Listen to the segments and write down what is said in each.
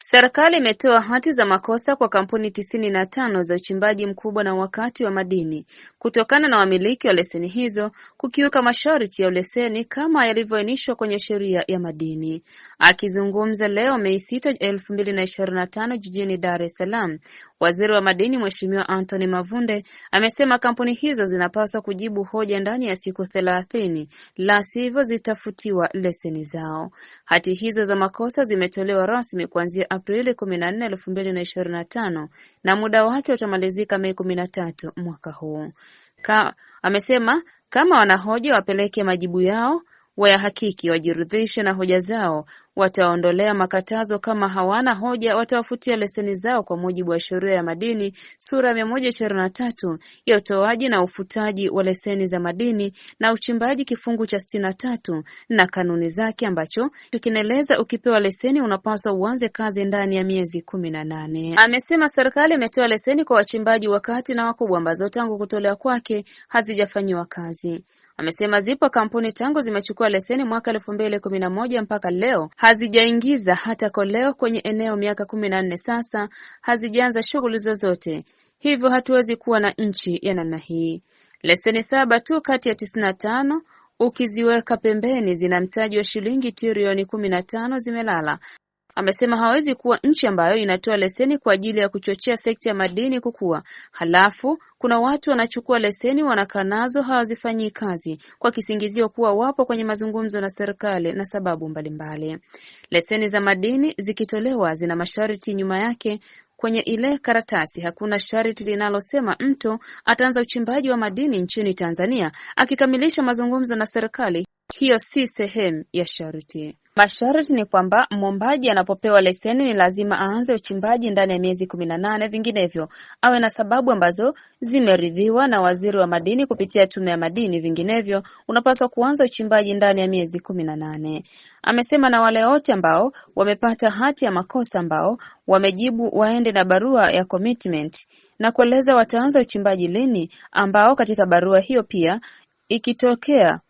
Serikali imetoa hati za makosa kwa kampuni tisini na tano za uchimbaji mkubwa na wakati wa madini kutokana na wamiliki wa leseni hizo kukiuka masharti ya leseni kama yalivyoainishwa kwenye Sheria ya Madini. Akizungumza leo Mei 6, 2025 jijini Dar es Salaam, Waziri wa Madini Mheshimiwa Anthony Mavunde amesema kampuni hizo zinapaswa kujibu hoja ndani ya siku thelathini, la sivyo zitafutiwa leseni zao. Hati hizo za makosa zimetolewa rasmi kuanzia Aprili kumi na nne elfu mbili na na tano na muda wake utamalizika Mei kumi na tatu mwaka huu. Ka, amesema kama wanahoja wapeleke majibu yao, wayahakiki, wajirudhishe na hoja zao, wataondolea makatazo kama hawana hoja watawafutia leseni zao kwa mujibu wa Sheria ya Madini Sura ya mia moja ishirini na tatu ya utoaji na ufutaji wa leseni za madini na uchimbaji kifungu cha sitini na tatu na kanuni zake ambacho kinaeleza ukipewa leseni unapaswa uanze kazi ndani ya miezi kumi na nane. Amesema serikali imetoa leseni kwa wachimbaji wakati na wakubwa ambazo tangu kutolewa kwake hazijafanyiwa kazi. Amesema zipo kampuni tangu zimechukua leseni mwaka elfu mbili kumi na moja mpaka leo hazijaingiza hata koleo kwenye eneo miaka kumi na nne sasa hazijaanza shughuli zozote hivyo hatuwezi kuwa na nchi ya namna hii leseni saba tu kati ya tisini na tano ukiziweka pembeni zina mtaji wa shilingi trilioni kumi na tano zimelala amesema hawezi kuwa nchi ambayo inatoa leseni kwa ajili ya kuchochea sekta ya madini kukua, halafu kuna watu wanachukua leseni wanakaa nazo hawazifanyi kazi kwa kisingizio kuwa wapo kwenye mazungumzo na serikali na sababu mbalimbali mbali. Leseni za madini zikitolewa zina masharti nyuma yake. Kwenye ile karatasi hakuna sharti linalosema mtu ataanza uchimbaji wa madini nchini Tanzania akikamilisha mazungumzo na serikali. Hiyo si sehemu ya sharti. Masharti ni kwamba mwombaji anapopewa leseni ni lazima aanze uchimbaji ndani ya miezi kumi na nane, vinginevyo awe na sababu ambazo zimeridhiwa na Waziri wa Madini kupitia Tume ya Madini, vinginevyo unapaswa kuanza uchimbaji ndani ya miezi kumi na nane. Amesema na wale wote ambao wamepata hati ya makosa ambao wamejibu waende na barua ya commitment na kueleza wataanza uchimbaji lini, ambao katika barua hiyo pia ikitokea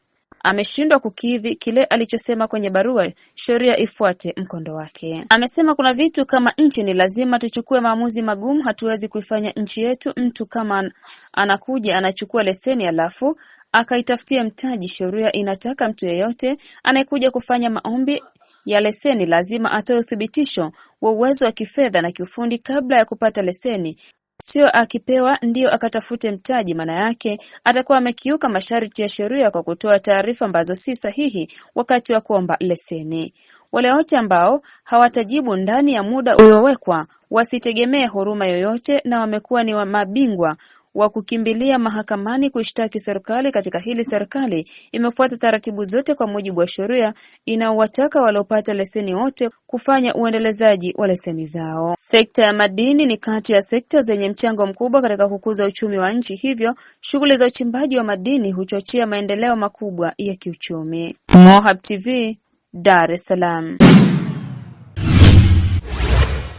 ameshindwa kukidhi kile alichosema kwenye barua sheria ifuate mkondo wake. Amesema kuna vitu kama nchi ni lazima tuchukue maamuzi magumu. Hatuwezi kuifanya nchi yetu mtu kama anakuja anachukua leseni alafu akaitafutia mtaji. Sheria inataka mtu yeyote anayekuja kufanya maombi ya leseni lazima atoe uthibitisho wa uwezo wa kifedha na kiufundi kabla ya kupata leseni sio akipewa ndio akatafute mtaji maana yake atakuwa amekiuka masharti ya sheria kwa kutoa taarifa ambazo si sahihi wakati wa kuomba leseni. Wale wote ambao hawatajibu ndani ya muda uliowekwa wasitegemee huruma yoyote na wamekuwa ni wa mabingwa wa kukimbilia mahakamani kushtaki serikali katika hili serikali imefuata taratibu zote kwa mujibu wa sheria inaowataka waliopata leseni wote kufanya uendelezaji wa leseni zao. Sekta ya madini ni kati ya sekta zenye mchango mkubwa katika kukuza uchumi wa nchi, hivyo shughuli za uchimbaji wa madini huchochea maendeleo makubwa ya kiuchumi. Mohab TV, Dar es Salaam.